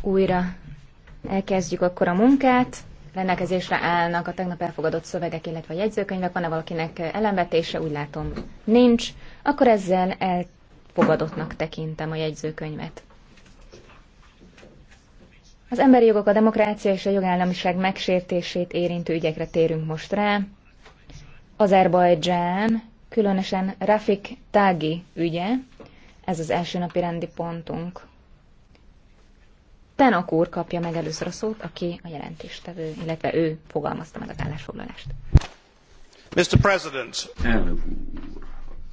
Újra elkezdjük akkor a munkát. Rendelkezésre állnak a tegnap elfogadott szövegek, illetve a jegyzőkönyvek. Van-e valakinek ellenvetése? Úgy látom, nincs. Akkor ezzel elfogadottnak tekintem a jegyzőkönyvet. Az emberi jogok, a demokrácia és a jogállamiság megsértését érintő ügyekre térünk most rá. Azerbajdzsán, különösen Rafik Tági ügye, ez az első napi rendi pontunk. Tenok úr kapja meg először a szót, aki a jelentéstevő, illetve ő fogalmazta meg az állásfoglalást. Mr. President. Elnök úr,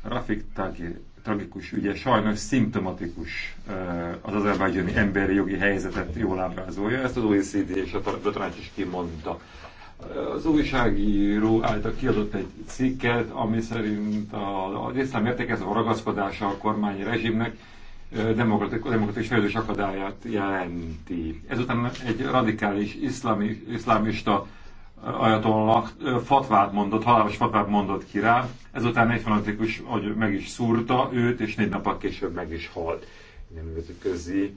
Rafik Tagi tragikus ügye sajnos szimptomatikus eh, az azerbajdzsáni emberi jogi helyzetet jól ábrázolja. Ezt az OECD és a tanács is kimondta az újságíró által kiadott egy cikket, ami szerint az iszlám értékező ragaszkodása a kormányi rezsimnek demokratikus, demokratikus fejlődés akadályát jelenti. Ezután egy radikális iszlami iszlámista ajatollak fatvát mondott, halálos fatvát mondott ki rá, ezután egy fanatikus hogy meg is szúrta őt, és négy nap később meg is halt. Nem Nemzetközi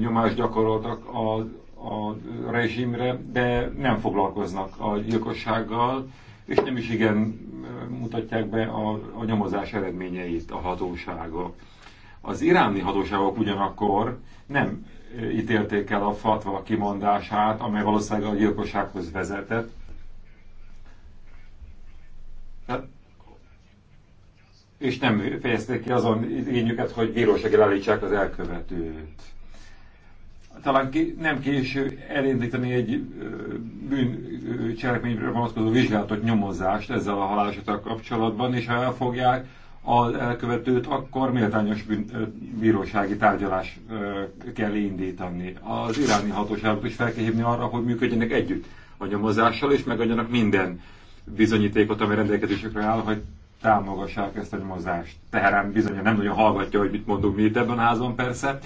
nyomást gyakoroltak az a rezsimre, de nem foglalkoznak a gyilkossággal, és nem is igen mutatják be a, a nyomozás eredményeit a hatóságok. Az iráni hatóságok ugyanakkor nem ítélték el a fatva kimondását, amely valószínűleg a gyilkossághoz vezetett. Hát, és nem fejezték ki azon igényüket, hogy bíróság elállítsák az elkövetőt talán ki nem késő elindítani egy bűncselekményre vonatkozó vizsgálatot, nyomozást ezzel a halálosettel kapcsolatban, és ha elfogják az elkövetőt, akkor méltányos bűn, bírósági tárgyalás kell indítani. Az iráni hatóságot is fel kell hívni arra, hogy működjenek együtt a nyomozással, és megadjanak minden bizonyítékot, ami rendelkezésükre áll, hogy támogassák ezt a nyomozást. Teherán bizony nem nagyon hallgatja, hogy mit mondunk mi itt ebben a házban persze,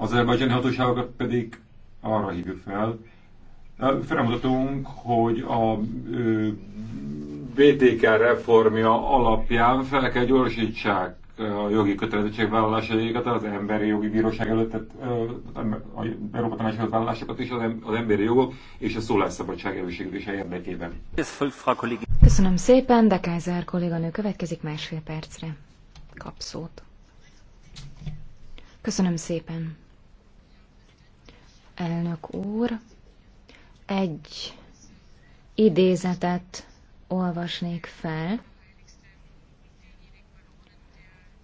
az azerbajdzsáni hatóságokat pedig arra hívjuk fel, felmutatunk, hogy a BTK reformja alapján fel kell gyorsítsák a jogi kötelezettségvállalásaikat az emberi jogi bíróság előtt, tehát a Európa Tanács előtt vállalásokat is az emberi jogok és a szólásszabadság erősítése érdekében. Köszönöm szépen, de Kaiser kolléganő következik másfél percre. Kapszót. Köszönöm szépen elnök úr. Egy idézetet olvasnék fel.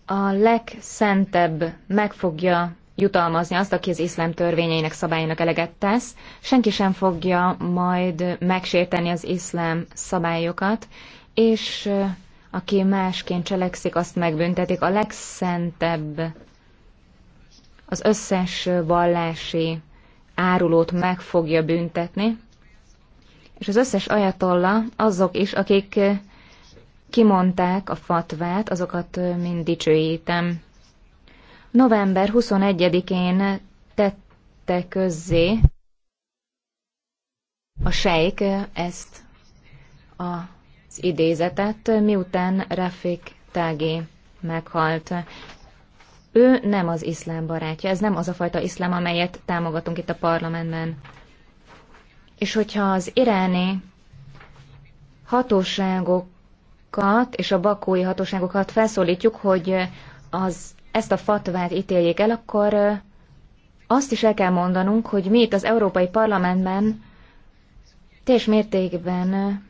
A legszentebb meg fogja jutalmazni azt, aki az iszlám törvényeinek szabályainak eleget tesz. Senki sem fogja majd megsérteni az iszlám szabályokat, és aki másként cselekszik, azt megbüntetik. A legszentebb az összes vallási árulót meg fogja büntetni, és az összes ajatolla, azok is, akik kimondták a fatvát, azokat mind dicsőítem. November 21-én tette közzé a sejk ezt az idézetet, miután Rafik Tági meghalt. Ő nem az iszlám barátja, ez nem az a fajta iszlám, amelyet támogatunk itt a parlamentben. És hogyha az iráni hatóságokat és a bakói hatóságokat felszólítjuk, hogy az, ezt a fatvát ítéljék el, akkor azt is el kell mondanunk, hogy mi itt az Európai Parlamentben teljes mértékben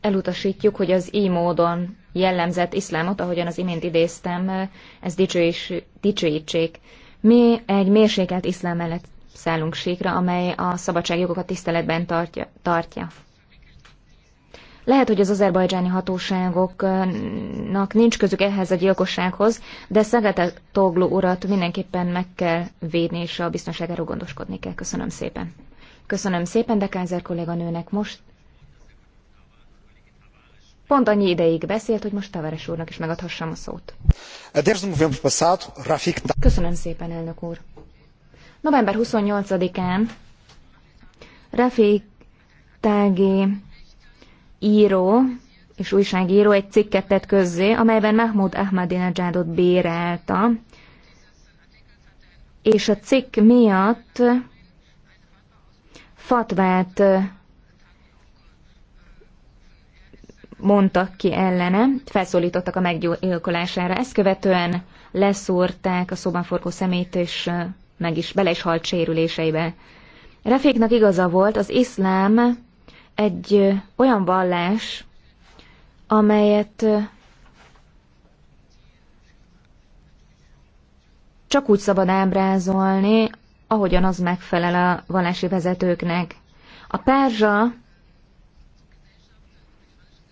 elutasítjuk, hogy az így módon jellemzett iszlámot, ahogyan az imént idéztem, eh, ez dicsős, dicsőítsék. Mi egy mérsékelt iszlám mellett szállunk síkra, amely a szabadságjogokat tiszteletben tartja. tartja. Lehet, hogy az azerbajdzsáni hatóságoknak nincs közük ehhez a gyilkossághoz, de Szegete Toglu urat mindenképpen meg kell védni, és a biztonságáról gondoskodni kell. Köszönöm szépen. Köszönöm szépen, de Kázer kolléganőnek most Pont annyi ideig beszélt, hogy most Tavares úrnak is megadhassam a szót. Köszönöm szépen, elnök úr. November 28-án Rafik Tági író és újságíró egy cikket tett közzé, amelyben Mahmoud Ahmadinejadot bérelta, és a cikk miatt fatvát mondtak ki ellene, felszólítottak a meggyilkolására. Ezt követően leszúrták a szobaforgó szemét, és meg is bele is halt sérüléseibe. Reféknak igaza volt, az iszlám egy olyan vallás, amelyet csak úgy szabad ábrázolni, ahogyan az megfelel a vallási vezetőknek. A perzsa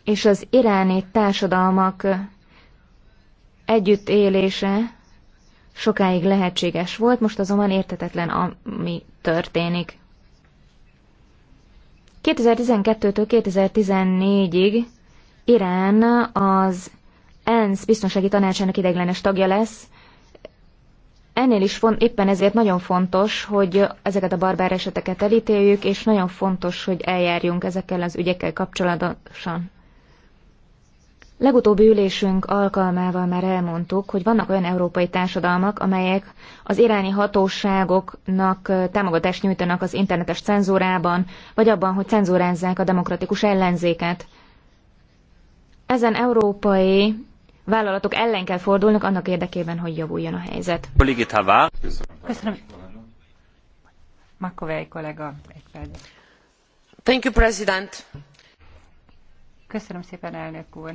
és az iráni társadalmak együttélése sokáig lehetséges volt, most azonban értetetlen, ami történik. 2012-től 2014-ig Irán az ENSZ biztonsági tanácsának ideglenes tagja lesz. Ennél is font, éppen ezért nagyon fontos, hogy ezeket a barbár eseteket elítéljük, és nagyon fontos, hogy eljárjunk ezekkel az ügyekkel kapcsolatosan. Legutóbbi ülésünk alkalmával már elmondtuk, hogy vannak olyan európai társadalmak, amelyek az iráni hatóságoknak támogatást nyújtanak az internetes cenzúrában, vagy abban, hogy cenzúrázzák a demokratikus ellenzéket. Ezen európai vállalatok ellen kell fordulnak annak érdekében, hogy javuljon a helyzet. Köszönöm. Makovej kollega, egy perc. Thank you, President. Köszönöm szépen, elnök úr.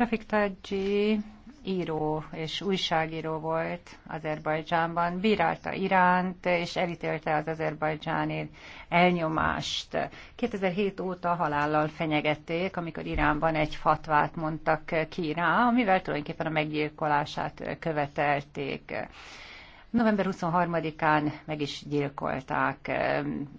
Rafik Tadji író és újságíró volt Azerbajdzsánban, bírálta Iránt, és elítélte az azerbajdzsáni elnyomást. 2007 óta halállal fenyegették, amikor Iránban egy fatvát mondtak ki rá, amivel tulajdonképpen a meggyilkolását követelték. November 23-án meg is gyilkolták.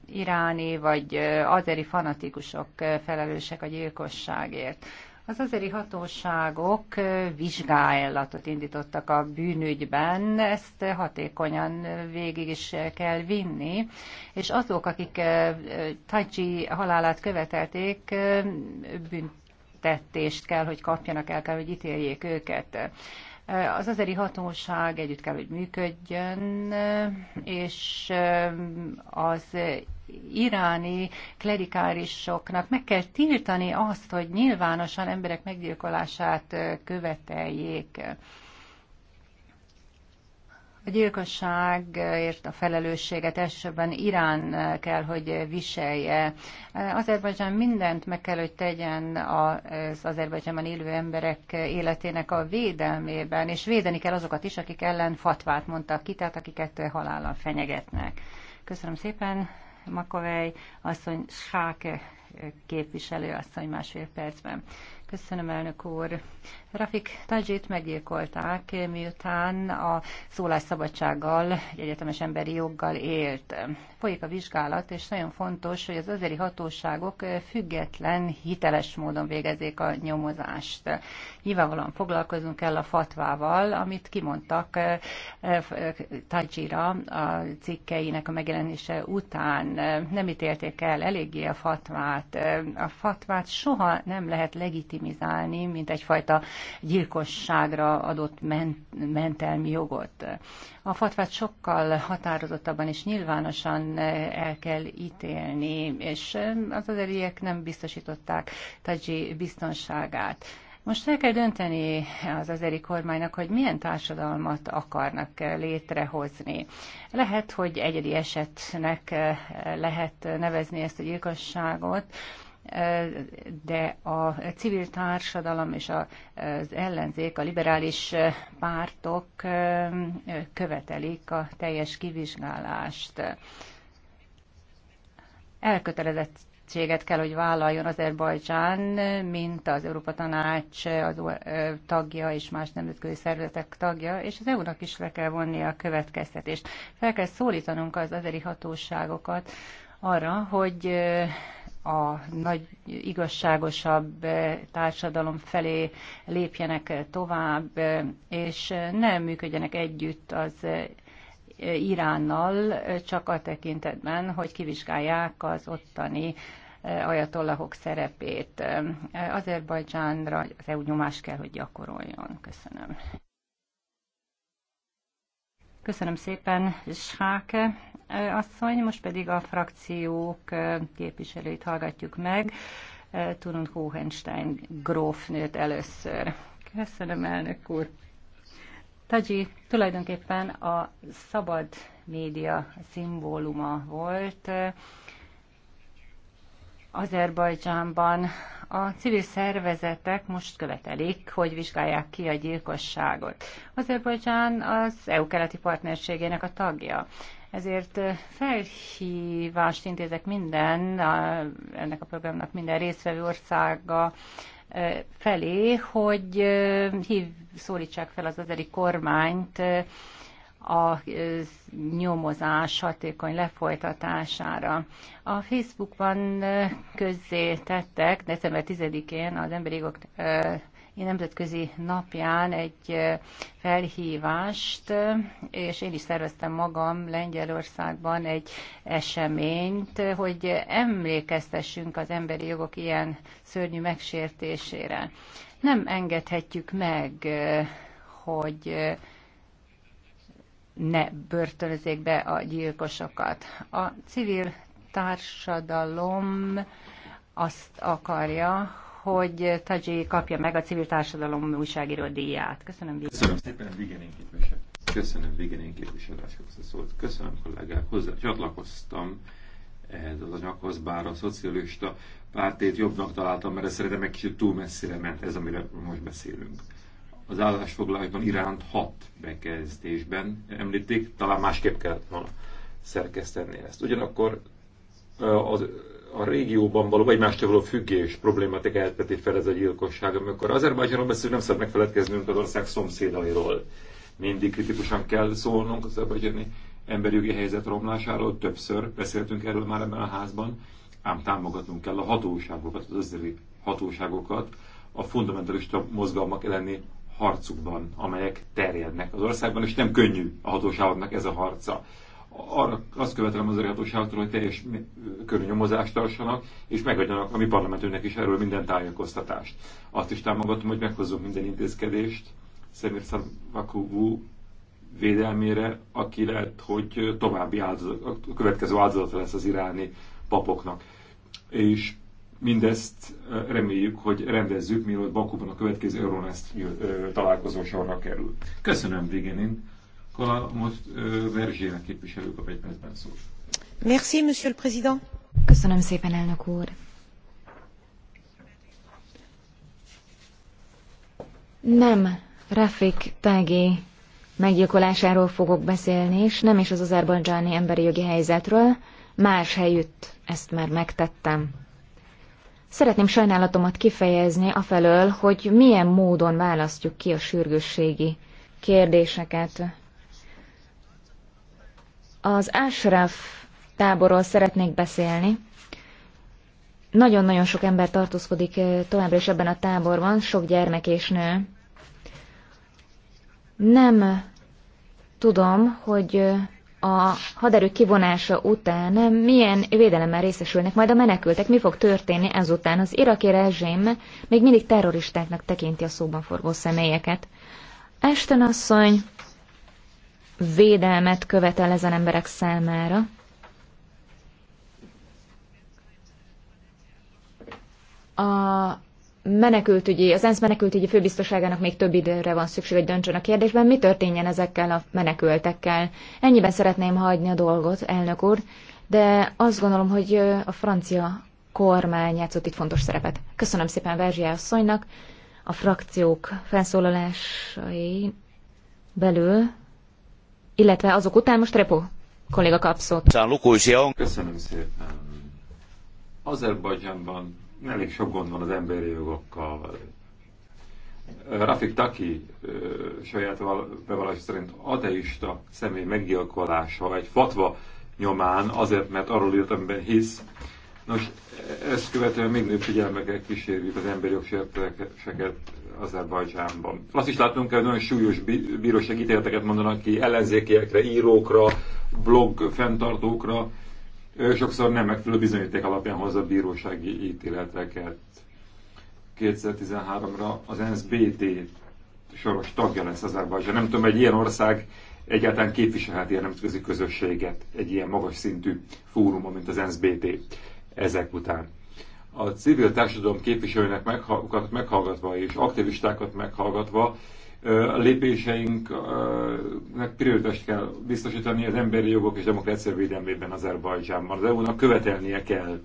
Iráni vagy azeri fanatikusok felelősek a gyilkosságért. Az azeri hatóságok vizsgálatot indítottak a bűnügyben, ezt hatékonyan végig is kell vinni, és azok, akik Tajcsi halálát követelték, büntetést kell, hogy kapjanak, el kell, hogy ítéljék őket. Az azeri hatóság együtt kell, hogy működjön, és az iráni klerikárisoknak meg kell tiltani azt, hogy nyilvánosan emberek meggyilkolását követeljék. A gyilkosságért a felelősséget elsősorban Irán kell, hogy viselje. Azerbajdzsán mindent meg kell, hogy tegyen az Azerbajdzsánban élő emberek életének a védelmében, és védeni kell azokat is, akik ellen fatvát mondtak ki, tehát akiket halállal fenyegetnek. Köszönöm szépen, Makovej asszony, Sáke képviselő asszony másfél percben. Köszönöm, elnök úr. Rafik Tajit meggyilkolták, miután a szólásszabadsággal, egyetemes emberi joggal élt. Folyik a vizsgálat, és nagyon fontos, hogy az azeri hatóságok független, hiteles módon végezzék a nyomozást. Nyilvánvalóan foglalkozunk kell a fatvával, amit kimondtak eh, eh, Tajira a cikkeinek a megjelenése után. Nem ítélték el eléggé a fatvát. A fatvát soha nem lehet legitimálni legitimizálni, mint egyfajta gyilkosságra adott ment, mentelmi jogot. A fatvát sokkal határozottabban és nyilvánosan eh, el kell ítélni, és eh, az eriek nem biztosították Tadzsi biztonságát. Most el kell dönteni az azeri kormánynak, hogy milyen társadalmat akarnak eh, létrehozni. Lehet, hogy egyedi esetnek lehet nevezni ezt a gyilkosságot, de a civil társadalom és az ellenzék, a liberális pártok követelik a teljes kivizsgálást. Elkötelezett kell, hogy vállaljon Azerbajdzsán, mint az Európa Tanács az e, tagja és más nemzetközi szervezetek tagja, és az EU-nak is le kell vonni a következtetést. Fel kell szólítanunk az azeri hatóságokat arra, hogy a nagy igazságosabb eh, társadalom felé lépjenek tovább, eh, és eh, ne működjenek együtt az Iránnal, csak a tekintetben, hogy kivizsgálják az ottani ajatollahok szerepét. Azerbajdzsánra az EU nyomás kell, hogy gyakoroljon. Köszönöm. Köszönöm szépen, Sáke asszony. Most pedig a frakciók képviselőit hallgatjuk meg. Tudunk Hohenstein grófnőt először. Köszönöm, elnök úr. Taji tulajdonképpen a szabad média szimbóluma volt Azerbajdzsánban a civil szervezetek most követelik, hogy vizsgálják ki a gyilkosságot. Azerbajdzsán az EU keleti partnerségének a tagja. Ezért felhívást intézek minden, a, ennek a programnak minden részvevő országa felé, hogy hív, szólítsák fel az azeri kormányt a nyomozás hatékony lefolytatására. A Facebookban közzé tettek december 10-én az emberi jogok nemzetközi napján egy felhívást, és én is szerveztem magam Lengyelországban egy eseményt, hogy emlékeztessünk az emberi jogok ilyen szörnyű megsértésére. Nem engedhetjük meg, hogy ne börtönözzék be a gyilkosokat. A civil társadalom azt akarja, hogy Tajé kapja meg a civil társadalom újságíró díját. Köszönöm, Köszönöm szépen, Vigen képviselő. Köszönöm, Vigen képviselő. Köszönöm, Köszönöm, kollégák, hozzá csatlakoztam ehhez az anyaghoz, bár a szocialista pártét jobbnak találtam, mert ez szerintem egy kicsit túl messzire ment ez, amire most beszélünk az állásfoglalásban iránt hat bekezdésben említik, talán másképp kellett volna szerkeszteni ezt. Ugyanakkor az, a régióban való egymástól való függés problématikáját veti fel ez a gyilkosság, amikor Azerbajdzsánról beszélünk, nem szabad megfeledkeznünk az ország szomszédairól. Mindig kritikusan kell szólnunk az azerbajdzsáni emberjogi helyzet romlásáról, többször beszéltünk erről már ebben a házban, ám támogatnunk kell a hatóságokat, az özeli hatóságokat, a fundamentalista mozgalmak elleni harcukban, amelyek terjednek az országban, és nem könnyű a hatóságoknak ez a harca. Arra azt követelem az hatóságoktól, hogy teljes körű tartsanak, és megadjanak a mi parlamentünknek is erről minden tájékoztatást. Azt is támogatom, hogy meghozzunk minden intézkedést Szemir Szavakovú védelmére, aki lehet, hogy további áldozat, a következő áldozata lesz az iráni papoknak. És Mindezt reméljük, hogy rendezzük, mielőtt Bakuban a következő Euronest találkozó sorra kerül. Köszönöm, Vigenin. Most Verzsia képviselők a egy percben szól. Merci, monsieur le président. Köszönöm szépen, elnök úr. Nem Rafik Tagi meggyilkolásáról fogok beszélni, és nem is az azerbajdzsáni emberi jogi helyzetről, más helyütt ezt már megtettem. Szeretném sajnálatomat kifejezni afelől, hogy milyen módon választjuk ki a sürgősségi kérdéseket. Az Ashraf táborról szeretnék beszélni. Nagyon-nagyon sok ember tartózkodik eh, továbbra is ebben a táborban, sok gyermek és nő. Nem tudom, hogy eh, a haderő kivonása után milyen védelemmel részesülnek majd a menekültek, mi fog történni ezután. Az iraki rezsém még mindig terroristáknak tekinti a szóban forgó személyeket. Esten asszony védelmet követel ezen emberek számára. A menekültügyi, az ENSZ menekültügyi főbiztoságának még több időre van szükség, hogy döntsön a kérdésben, mi történjen ezekkel a menekültekkel. Ennyiben szeretném hagyni a dolgot, elnök úr, de azt gondolom, hogy a francia kormány játszott itt fontos szerepet. Köszönöm szépen Verzsia asszonynak. A frakciók felszólalásai belül, illetve azok után most Repo kolléga kapszott. Köszönöm szépen. Azerbajdzsánban elég sok gond van az emberi jogokkal. Rafik Taki saját bevallása szerint ateista személy meggyilkolása egy fatva nyomán, azért, mert arról írt, amiben hisz. Nos, ezt követően még nőbb figyelmekkel kísérjük az emberi jogsértéseket Azerbajdzsánban. Azt is látnunk kell, hogy nagyon súlyos bíróság ítéleteket mondanak ki ellenzékiekre, írókra, blog fenntartókra, sokszor nem megfelelő bizonyíték alapján hozza bírósági ítéleteket. 2013-ra az ENSZ BT soros tagja lesz Azerbajdzsán. Nem tudom, egy ilyen ország egyáltalán képviselhet ilyen nemzetközi közösséget egy ilyen magas szintű fórumon, mint az ENSZ BT ezek után. A civil társadalom képviselőnek meghallgatva és aktivistákat meghallgatva lépéseinknek prioritást kell biztosítani az emberi jogok és demokrácia védelmében Azerbajdzsánban. Az EU-nak követelnie kell,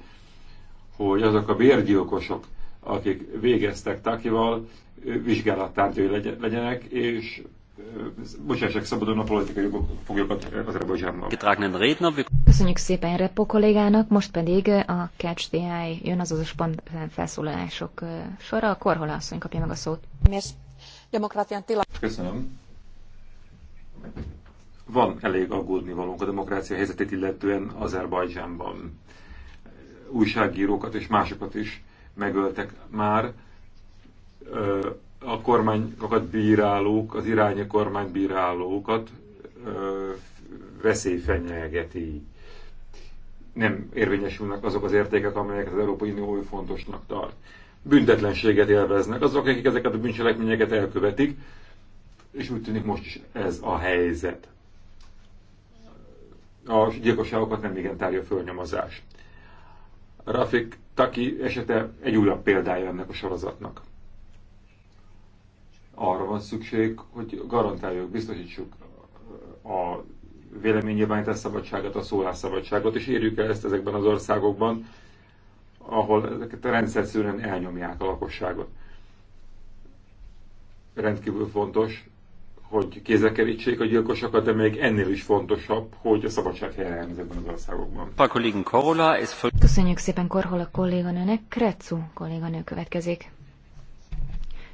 hogy azok a bérgyilkosok, akik végeztek Takival, vizsgálattárgyai legyenek, és bocsássák szabadon a politikai jogok, foglyokat Azerbajdzsánban. Köszönjük szépen Repo kollégának, most pedig a Catch the Eye jön, az az spontán felszólalások sora. A Korhola asszony kapja meg a szót. Miért? demokrácián tila. Köszönöm. Van elég aggódni valónk a demokrácia helyzetét illetően Azerbajdzsánban. Újságírókat és másokat is megöltek már. A kormányokat bírálók, az irányi kormány bírálókat veszély fenyegeti nem érvényesülnek azok az értékek, amelyeket az Európai Unió fontosnak tart büntetlenséget élveznek azok, akik ezeket a bűncselekményeket elkövetik, és úgy tűnik most is ez a helyzet. A gyilkosságokat nem igen tárja fölnyomozás. Rafik Taki esete egy újabb példája ennek a sorozatnak. Arra van szükség, hogy garantáljuk, biztosítsuk a véleménynyilvánítás szabadságot, a szólásszabadságot, és érjük el ezt ezekben az országokban, ahol ezeket a rendszerszerűen elnyomják a lakosságot. Rendkívül fontos, hogy kézekerítsék a gyilkosokat, de még ennél is fontosabb, hogy a szabadság helyen ezekben az országokban. Köszönjük szépen Korhola kolléganőnek, Kretszú kolléganő következik.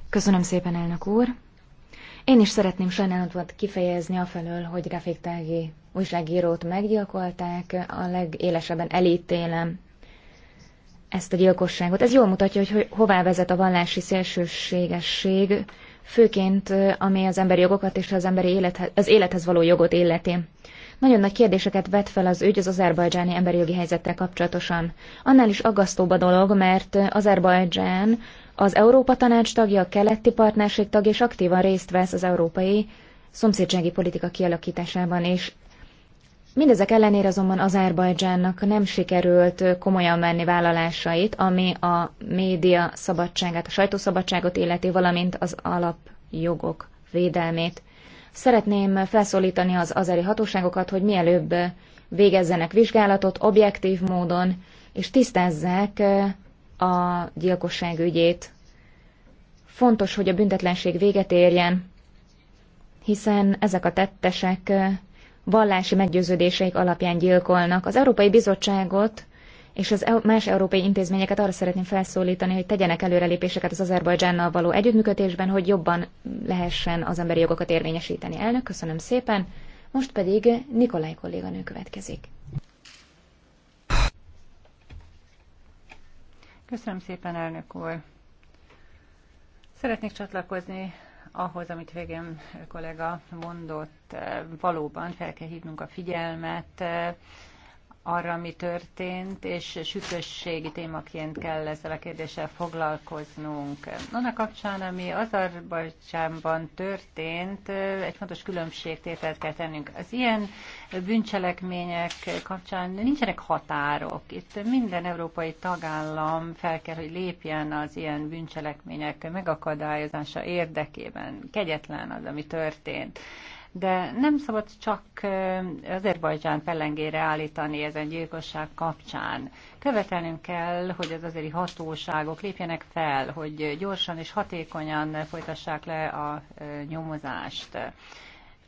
Köszönöm szépen, elnök úr. Én is szeretném sajnálatot kifejezni afelől, hogy Rafik Tági újságírót meggyilkolták, a legélesebben elítélem ezt a gyilkosságot. Ez jól mutatja, hogy hová vezet a vallási szélsőségesség, főként ami az emberi jogokat és az emberi élethez, az élethez való jogot illeti. Nagyon nagy kérdéseket vet fel az ügy az azerbajdzsáni emberi jogi helyzettel kapcsolatosan. Annál is aggasztóbb a dolog, mert Azerbajdzsán az Európa Tanács tagja, a keleti partnerség tagja, és aktívan részt vesz az európai szomszédsági politika kialakításában, és Mindezek ellenére azonban Azerbajdzsánnak nem sikerült komolyan menni vállalásait, ami a média szabadságát, a sajtószabadságot illeti, valamint az alapjogok védelmét. Szeretném felszólítani az azeri hatóságokat, hogy mielőbb végezzenek vizsgálatot objektív módon, és tisztázzák eh, a gyilkosság ügyét. Fontos, hogy a büntetlenség véget érjen, hiszen ezek a tettesek eh, vallási meggyőződéseik alapján gyilkolnak. Az Európai Bizottságot és az e- más európai intézményeket arra szeretném felszólítani, hogy tegyenek előrelépéseket az Azerbajdzsánnal való együttműködésben, hogy jobban lehessen az emberi jogokat érvényesíteni. Elnök, köszönöm szépen. Most pedig Nikolaj kolléganő következik. Köszönöm szépen, elnök úr. Szeretnék csatlakozni ahhoz, amit végén kollega mondott, eh, valóban fel kell hívnunk a figyelmet eh, arra, ami történt, és sütösségi témaként kell ezzel a kérdéssel foglalkoznunk. Annak kapcsán, ami Azerbajdzsánban történt, egy fontos különbségtételt kell tennünk. Az ilyen bűncselekmények kapcsán nincsenek határok. Itt minden európai tagállam fel kell, hogy lépjen az ilyen bűncselekmények megakadályozása érdekében. Kegyetlen az, ami történt de nem szabad csak eh, Azerbajdzsán pellengére állítani ezen gyilkosság kapcsán. Követelnünk kell, hogy az azeri hatóságok lépjenek fel, hogy gyorsan és hatékonyan folytassák le a eh, nyomozást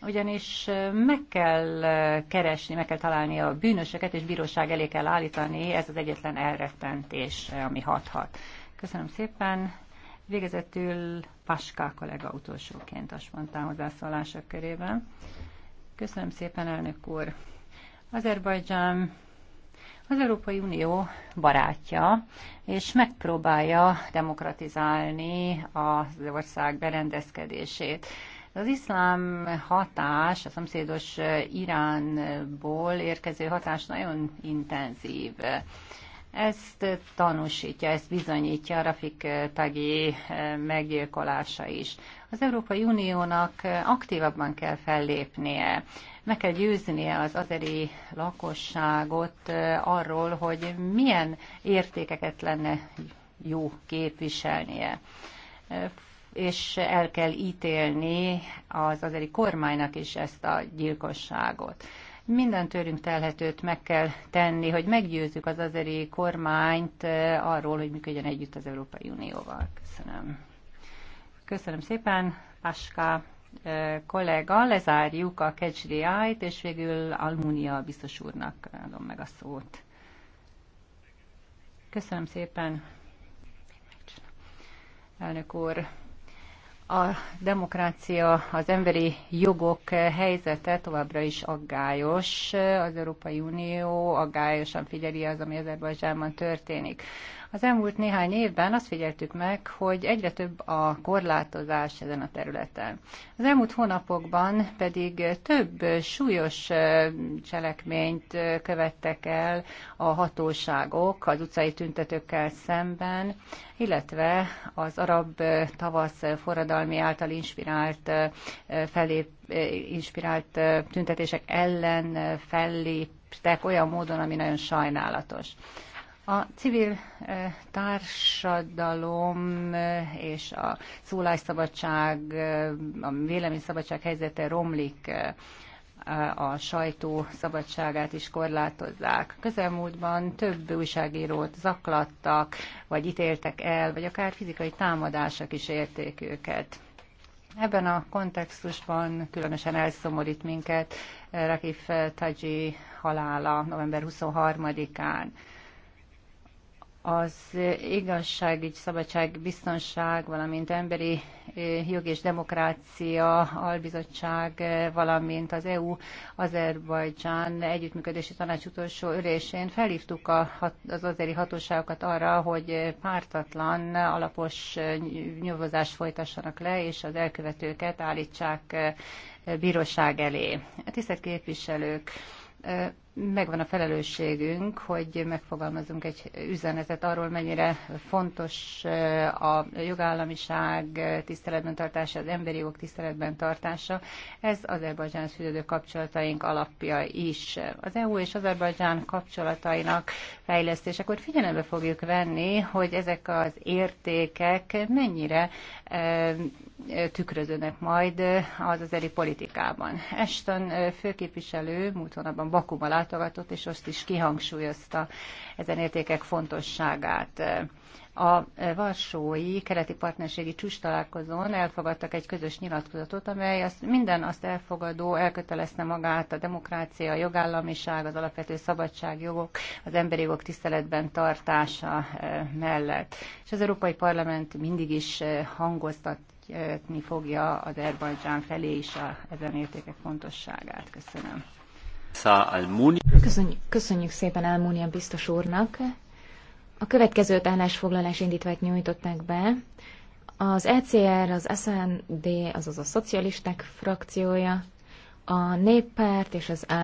ugyanis eh, meg kell keresni, meg kell találni a bűnösöket, és bíróság elé kell állítani, ez az egyetlen elrettentés, ami hathat. Köszönöm szépen, Végezetül Paská kollega utolsóként azt spontán hozzászólások körében. Köszönöm szépen, elnök úr! Azerbajdzsán az Európai Unió barátja, és megpróbálja demokratizálni az ország berendezkedését. Az iszlám hatás, a szomszédos Iránból érkező hatás nagyon intenzív. Ezt tanúsítja, ezt bizonyítja a Rafik tagi eh, meggyilkolása is. Az Európai Uniónak eh, aktívabban kell fellépnie, meg kell győznie az azeri lakosságot eh, arról, hogy milyen értékeket lenne jó képviselnie és el kell ítélni az azeri kormánynak is ezt a gyilkosságot. Minden tőlünk telhetőt meg kell tenni, hogy meggyőzzük az azeri kormányt eh, arról, hogy működjön együtt az Európai Unióval. Köszönöm. Köszönöm szépen, Paska eh, kollega, lezárjuk a KCDI-t, és végül Almunia biztos úrnak adom meg a szót. Köszönöm szépen. Elnök úr, a demokrácia, az emberi jogok helyzete továbbra is aggályos. Az Európai Unió aggályosan figyeli az, ami Azerbajdzsánban történik. Az elmúlt néhány évben azt figyeltük meg, hogy egyre több a korlátozás ezen a területen. Az elmúlt hónapokban pedig több súlyos cselekményt követtek el a hatóságok az utcai tüntetőkkel szemben, illetve az arab tavasz forradalmi által inspirált felé inspirált tüntetések ellen felléptek olyan módon, ami nagyon sajnálatos. A civil eh, társadalom eh, és a szólásszabadság, eh, a véleményszabadság helyzete romlik, a sajtó szabadságát is korlátozzák. Közelmúltban több újságírót zaklattak, vagy ítéltek el, vagy akár fizikai támadások is érték őket. Ebben a kontextusban különösen elszomorít minket Rakif Taji halála november 23-án az így szabadság, biztonság, valamint emberi eh, jog és demokrácia albizottság, eh, valamint az EU Azerbajdzsán együttműködési tanács utolsó ülésén felhívtuk a, az azeri hatóságokat arra, hogy eh, pártatlan, alapos nyomozást folytassanak le, és az elkövetőket állítsák bíróság elé. Tisztelt képviselők! megvan a felelősségünk, hogy megfogalmazunk egy üzenetet arról, mennyire fontos eh, a jogállamiság tiszteletben tartása, az emberi jogok tiszteletben tartása. Ez Azerbajdzsán szülődő kapcsolataink alapja is. Az EU és Azerbajdzsán kapcsolatainak fejlesztésekor figyelembe fogjuk venni, hogy ezek az értékek mennyire eh, tükröződnek majd az azeri politikában. Eston eh, főképviselő múlt hónapban Bakuban látogatott, és azt is kihangsúlyozta ezen értékek fontosságát. A Varsói Keleti Partnerségi Csúcs találkozón elfogadtak egy közös nyilatkozatot, amely azt, minden azt elfogadó elkötelezte magát a demokrácia, a jogállamiság, az alapvető szabadságjogok, az emberi jogok tiszteletben tartása eh, mellett. És az Európai Parlament mindig is eh, hangoztatni fogja az Erbajdzsán felé is a, ezen értékek fontosságát. Köszönöm. Köszönjük, köszönjük szépen Almunia biztos úrnak. A következő állásfoglalás indítványt nyújtották be. Az ECR, az SND, azaz a szocialisták frakciója, a néppárt és az